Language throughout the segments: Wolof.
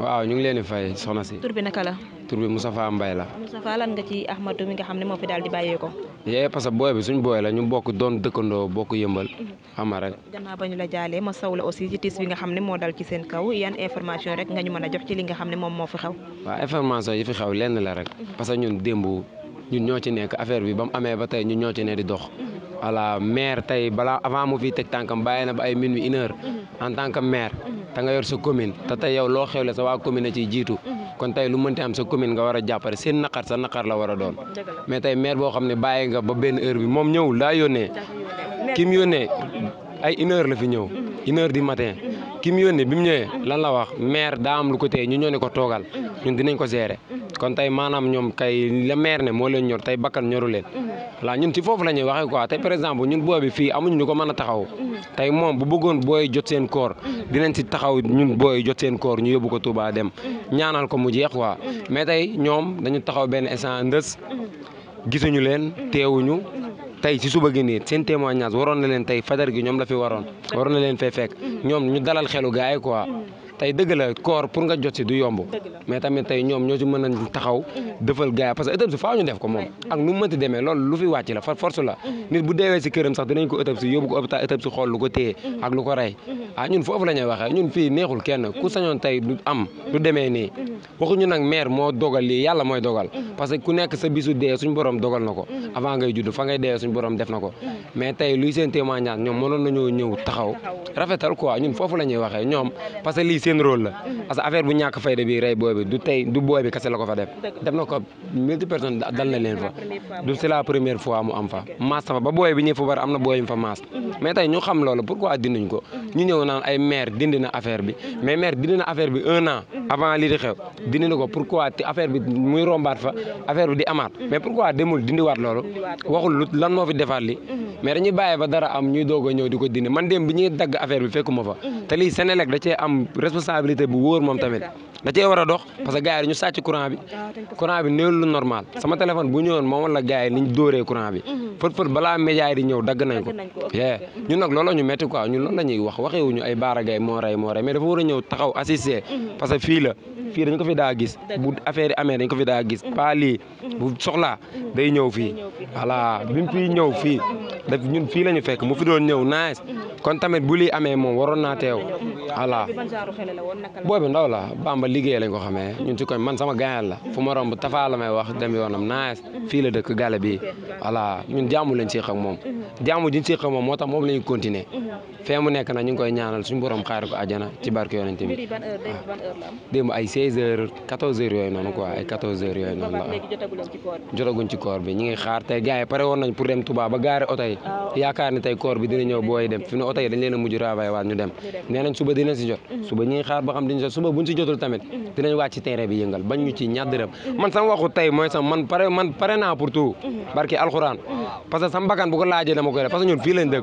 waaw ñu ngi leen di fay soxna si. tur bi naka la. tur bi la. Moustapha lan nga ci Ahmadou mi nga xam ne moo fi daal di bàyyee ko. yee parce que booy bi suñ booy la ñu bokk doon dëkkandoo bokk yëmbal. Mhm. xam nga rek. gannaaw la jaalee ma saw la aussi ci tiis bi nga xam ne moo daal ci seen kaw yan information rek nga ñu mën a jox ci li nga xam ne moom moo fi xew. waa information yi fi xew lenn la rek. Mhm. parce que ñun démb ñun ñoo ci nekk affaire bi ba mu amee ba tey ñu ñoo ci ne di dox. Mhm. voilà maire tey balaa avant mu fiy teg tànkam bàyyi na ba ay minuit en tant que maire ta nga yor sa commune te tey yow loo xewle sa waa commune a ciy jiitu mhm. kon tey lu mënti am sa commune nga war a jàppale seen naqar sa naqar la war a doon mais tey maire boo xam ne bàyyi nga ba benn heure bi moom ñëwul daa yónnee ki mu yónnee ay une la fi ñëw mhm. une heure du matin mhm. ki mu yónnee bi mu ñëwee lan la wax maire daa am lu ko téye ñu ñoo ne ko toogal ñun dinañ ko gérer kon tey maanaam ñoom kay la meer ne moo leen ñor tey bakkan ñoru leen mm-hmm. voilà ñun ci foofu la ñuy waxee quoi tey par exemple ñun booy bi fii amuñu ñu ko mën a taxaw mm-hmm. tey moom bu bëggoon booy jot seen koor mm-hmm. dinañ si taxaw ñun booy jot seen koor ñu yóbbu ko Touba dem ñaanal ko mu jeex ko mais tey ñoom dañu taxaw benn instant ndës gisuñu leen teewuñu tey ci suba gi nii seen témoignage waroon na leen tey fajar gi ñoom la fi waroon waroon na leen fay fekk ñoom ñu dalal xelu gaay quoi tey dëgg la koor pour nga jot si du yomb mais tamit tey ñoom ñoo ci mën a taxaw mhm. dëfal gars parce que ëtëb si faaw ñu def ko moom ak nu mënti demee loolu lu fi wàcc la fa force la mhm. nit bu deewee ko ëtëb ko hôpital ëtëb si xool lu ko mhm. ak ah, ñun foofu la ñuy fii neexul kenn ku sañoon tey du am du demee nii waxuñu nag maire moo dogal lii yàlla mooy dogal parce que ku nekk sa bisu dee suñ borom dogal na ko avant ngay judd fa ngay dee suñ borom def na ko mais tey luy seen témoignage ñoom mënoon nañoo ñëw taxaw rafetal quoi ñun la ñuy waxee ñoom lii seen rôle la parce que affaire bu ñàkk fayda bi rey booy bi du tey du booy bi kese la ko fa def def na ko multi personne dal na leen fa du c'est la première fois mu am fa maas fa ba booy bi ñëw fa am na booy yu fa mais tey ñu xam loolu pourquoi dinduñ ko ñu ñëw naan ay maire dindi na affaire bi mais maire na affaire bi un di ko pourquoi affaire bi muy rombaat fa affaire bi di amaat mais pourquoi demul dindiwaat loolu waxul lan moo defaat li mais dañuy bàyyi ba dara am ñuy doog ñëw di ko responsabilité bu wóor moom tamit da cee a dox parce que gars yi ñu sàcc courant bi courant bi néew normal sama téléphone bu ñëwoon moom wala gars yi niñ dóoree bi mhm. fët fët balaa média yi di ñëw ko yee ñun nag loolu ñu métti quoi ñun loolu la ñuy wax waxewuñu ay baaragay moo rey moo rey mais dafa war a ñëw taxaw assister mhm. parce que fii la mhm. ko fi daa gis bu affaire yi amee ko fi daa gis pas bu soxlaa day ñëw fii voilà bi mu fii ñëw fii ñu fekk mu fi kon tamit bu lii amee moom waroon naa teew voilà boo bi ndaw la bamba liggéey lañ ko xamee ñun ci koñ man sama gaañal la fu ma romb tafaa la may wax dem yoonam naa fii la dëkk gàlle bi voilà ñun jaamu lañ siq ak moom jaamu jiñ siq ak moom moo tax moom la ñu continuer mu nekk na ñu ngi koy ñaanal suñ borom xaari ko àjjana ci barke yonente bi démb ay 16 heures 14 yooyu noonu ko ay yooyu noonu la jotaguñ ci koor bi ñu ngi xaar tey gars yi pare woon nañ pour dem Touba ba gaari oto yi ah, yaakaar bi dina ñëw oto yi dañ a mujj ravay waat ñu dem nee nañ suba dinañ si jot mhm. suba ñi ngi xaar ba xam diñu jot suba buñ si jotul tamit mhm. dinañ wàcc ci terrain bi yëngal bañ ñu ci ñaar dërëm mhm. man sama waxu tey mooy sama man pare naa pour tout barki alxuraan parce que sama bakkan bu ko laajee koy def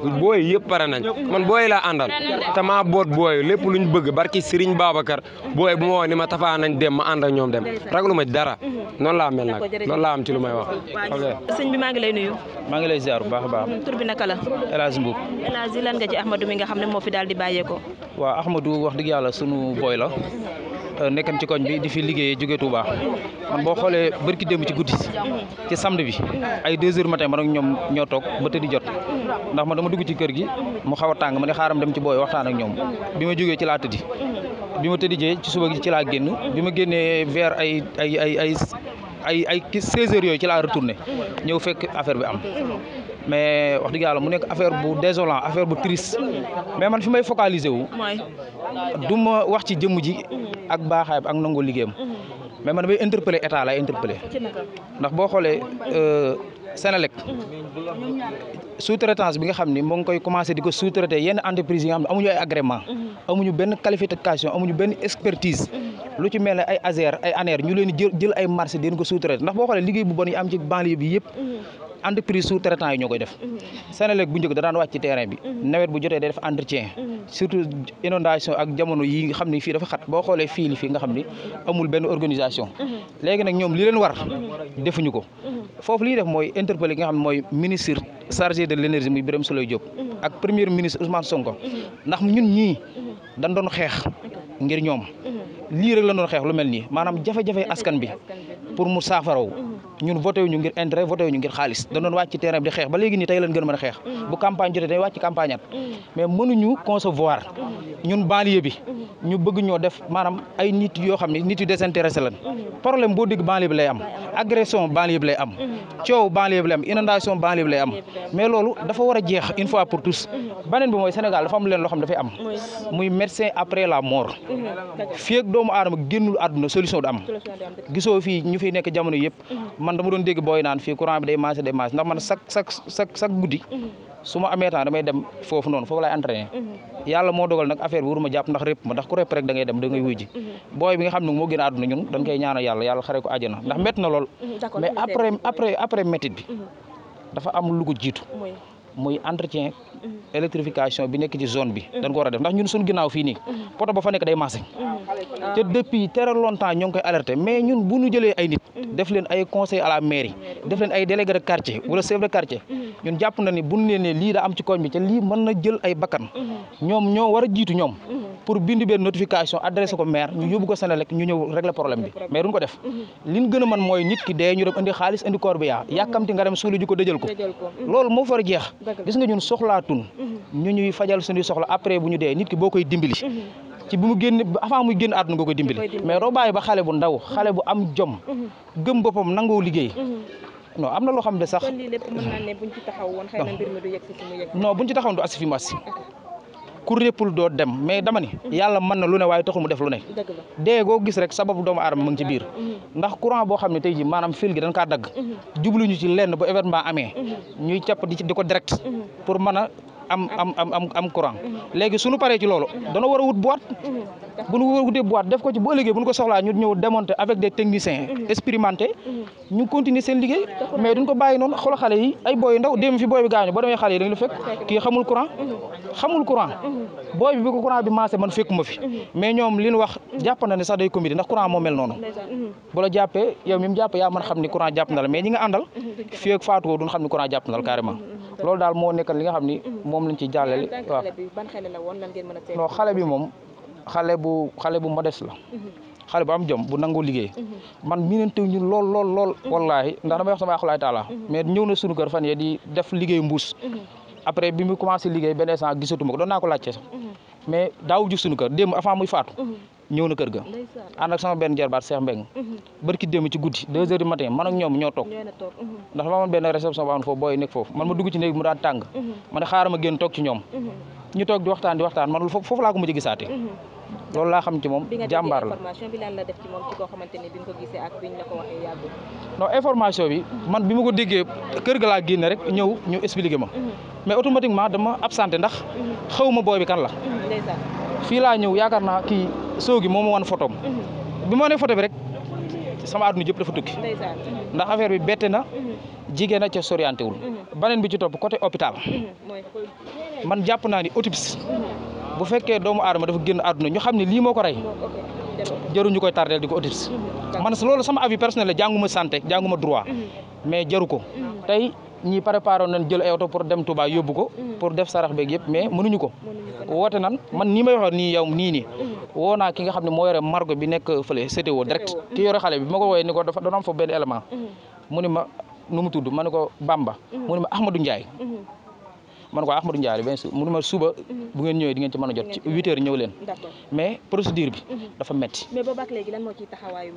parce que boot booy lépp luñ bëgg barki Serigne Babacar booy bu ma woo ni ma tafaa nañ dem ma ànd ak ñoom dem ragalu dara noonu mel nag loolu laa am ci bi maa lay nuyu maa a Ahmadou mi nga xam ne moo fi daal di bàyyeekoo. waaw Ahmadou wax dëgg yàlla sunu booy la nekkan ci koñ bi di fi liggéeyee jóge Touba man boo xoolee barki dem ci guddi ci samedi bi ay deux heures matin ma ak ñoom ñoo toog ba tëddi jot ndax ma dama dugg ci kër gi mu xaw tàng ma ne xaaram dem ci booy waxtaan ak ñoom bi ma jógee ci laa tëddi bi ma tëddi jee ci suba gi ci laa génn bi ma génnee vers ay ay ay ay ay ay 16 heures yooyu ci laa retourné ñëw fekk affaire bi am mais wax dëgg yàlla mu nekk affaire bu désolant affaire bu triste mais man fi may focaliser wu. du ma wax ci jëmm ji. ak baaxaay ak nangoo liggéeyam. Mm-hmm. mais man damay interpeller état laay interpeller ndax boo xoolee euh, Sénélec mm-hmm. sous-traitance bi nga xam ni moo ngi koy commencé di ko sous yenn entreprise yi nga xam ne amuñu ay agrément mm-hmm. amuñu benn qualification amuñu benn expertise lu ci mel ne ay ASER ay ANER ñu leen di jël ay marché di leen ko sous-traité ndax boo xoolee liggéey bu bon yi am ci banlieue yëpp entreprise sous traitant yi ñoo koy def mhm. Senelec bu njëkk da daan wàcc ci terrain bi mhm. nawet bu jotee day def entretien mhm. surtout inondation ak jamono yi nga xam ne fii dafa xat boo xoolee fii li fii nga xam ni amul benn organisation léegi nag ñoom li leen war defuñu ko foofu li def mooy interpeller nga xam ne mooy ministre chargé de l'énergie muy Birame Souleye Diop ak premier ministre Ousmane Sonko ndax ñun ñii dañ doon xeex ngir ñoom lii rek la doon xeex lu mel nii maanaam jafe-jafe askan bi pour mu saafaraw ñun voté wu ñu ngir intérêt voté wu ñu ngir xaalis da doon wàcc terrain bi di xeex ba léegi nii tey lañ gën mën a xeex bu campagne jotee dañuy wàcc campagne at mm. mais mënuñu concevoir mm-hmm. ñun banlieue bi mm-hmm. ñu bëgg ñoo def maanaam ay nit yoo xam ne nit yu désintéressé lañ mm-hmm. problème boo dégg banlieue bi lay am agression banlieue bi lay am coow banlieue bi lay am inondation banlieue bi lay am mais loolu dafa war a jeex une fois pour tous beneen bi mooy Sénégal dafa am leen loo xam ne dafay am muy médecin après la mort fii doomu aadama génnul àdduna solution du am gisoo fii ñu fiy nekk jamono yëpp man dama doon dégg booy naan fii courant bi day marché day marché ndax man chaque chaque chaque chaque guddi su ma amee temps damay dem foofu noonu foofu laay entraîné yàlla moo dogal ndax répp ma da ngay dem da ngay wuyji booy bi nga xam ne moo gën a ñun dañ koy ñaanal yàlla xare ko àjjana ndax métti na lool mais après après bi mhm. dafa am lu ko jiitu entretien mhm. électrification bi nekk ci zone bi mhm. dañ ko war a def ndax ñun suñu ginnaaw fii nii poto ba fa nekk day marché te depuis très longtemps ñoo ngi koy alerté mais ñun bu ñu jëlee ay nit def leen ay conseil à mairie def leen ay délégué quartier wala chef de quartier ñun jàpp na ni bu ñu leen lii da am ci koñ bi te lii mën na jël ay bakkan ñoom ñoo war a jiitu ñoom pour bind benn notification adressé ko maire ñu yóbbu ko Senelec ñu ñëw régler problème bi mais duñ ko def li gën a mën mooy nit ki dee ñu dem indi xaalis indi corps bi yaa yàkkamti nga dem suuli ji ko dëjël ko loolu moo far jeex gis nga ñun soxlaatun bu ñu dee nit ki boo koy dimbali ci bu mu génn avant muy génn àdduna nga koy dimbali mais doo bàyyi ba xale bu ndaw xale bu am jom mm-hmm. gëm boppam nangoo liggéey mm-hmm. non am na loo xam ne sax kon lii lépp mën naa ne buñ ci taxaw woon xëy mu yegg non buñ ci taxaw du agsi doo dem mais dama ni mm-hmm. yàlla mën na lu ne waaye taxul mu def lu ne dee goo gis rek sababu doom aadama mu ngi ci biir ndax courant boo xam ne tey ji maanaam fil gi dañ kaa dagg jubluñu ci lenn bu événement amee ñuy capp di ko direct pour mën am am am am courant léegi suñu paree ci loolu dana war a wut boîte mhm. bu ñu war a wutee boîte def ko ci boo ëllëgee bu ñu ko soxlaa ñu ñëw démonter avec des techniciens expérimentés mhm. ñu continuer seen liggéey mais duñ ko bàyyi noonu xool xale yi ay booy yu ndaw dem fi booy bi gaañu boo demee xale yi dañ la fekk kii xamul courant mhm. xamul courant booy bi bi ko courant fi mais ñoom li wax jàpp na ne sax day comité ndax courant moo mel noonu jàppee yow mi jàpp yaa mën xam ni courant jàpp na mais ñi nga àndal fii ak faatuwoo duñ xam ni courant jàpp na la loolu daal moo nekk li nga xam ni mm-hmm. moom lañ ci jàllale waaw non xale bi moom xale bu xale bu modeste la mm-hmm. xale bu am jom bu nangoo liggéey mm-hmm. man miinante ñu lool lool lool wallaahi ndax damay wax sama axulaay taala mais ñëw na sunu kër fan yee di def liggéey mbuus après bi mu commencé liggéey benn instant gisatuma ko doon naa ko laajte sax mais daaw ju sunu kër démb avant muy faatu ñëw na kër ga ànd ak sama benn jarbaat Cheikh Mbeng mhm. barki démb ci guddi deux heures du matin man ak ñoom ñoo toog mhm. ndax ma man benn réception ba am foofu booy nekk foofu man ma dugg ci néeg mu daan tàng mhm. ma ne xaaral ma génn toog ci ñoom ñu laa loolu laa xam ci moom jàmbaar la information koo xamante ne bi nga information bi man bi ma ko déggee kër ga laa génne rek ñëw ñu expliqué ma mais ma dama absenté ndax xaw ma booy bi kan la fii laa ñëw yaakaar naa kii soo gi moom wan photom mhm. bi ma ne photo bi rek sama àdduna jëpp dafa tukki mhm. ndax affaire bi bette na mhm. jigéen a ca soriante wul baneen bi ci topp côté hôpital man jàpp naa ni autopsie bu fekkee doomu adama dafa génn àdduna ñu xam ne lii moo ko rey jaru ñu koy tardeel di ko autopsie man loolu sama avis personnel la jànguma santé jànguma droit mais jaru ko tey ñi préparé woon nañ jël ay pour dem Touba yóbbu ko mm-hmm. pour def sarax beeg yëpp mais mënuñu ko woote nan man ni may waxee nii yow nii nii mm-hmm. woo naa ki nga xam ne moo yore margo bi nekk fële CTO direct mm-hmm. ki yore xale bi bi ma ko wooyee ni ko dafa doon am fa benn élément mu ni ma nu mu tudd ma ne ko Bamba mu ni ma Ahmadou Ndiaye man ko Ahmadou Ndiaye bien sûr mu ma suba bu ngeen ñëwee di ngeen ci mën a jot ci huit ñëw leen mais procédure bi dafa metti mais boobaak léegi lan moo ciy taxawaayu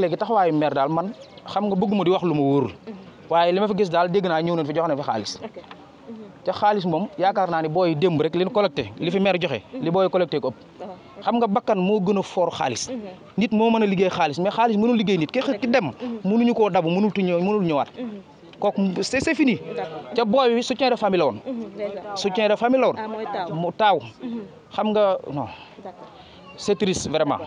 léegi taxawaayu maire daal man xam nga bëgguma di wax lu ma wóorul waaye li ma fa gis daal dégg naa ñëw nañ fi jox nañ fi xaalis mhm. te xaalis moom yaakaar naa ni booy démb rek li ñu li fi maire joxe li mhm. booy collecté ko ëpp uh-huh. xam nga bakkan moo gën a foor xaalis mhm. nit moo mën a liggéey xaalis mais xaalis mënul liggéey nit ki ki dem mënuñu koo dabu mënul tu ñëw mënul ñëwaat kooku c'est c'est fini ca booy bi soutien de famille woon soutien de famille la woon ah, mu taaw xam nga non c'est vraiment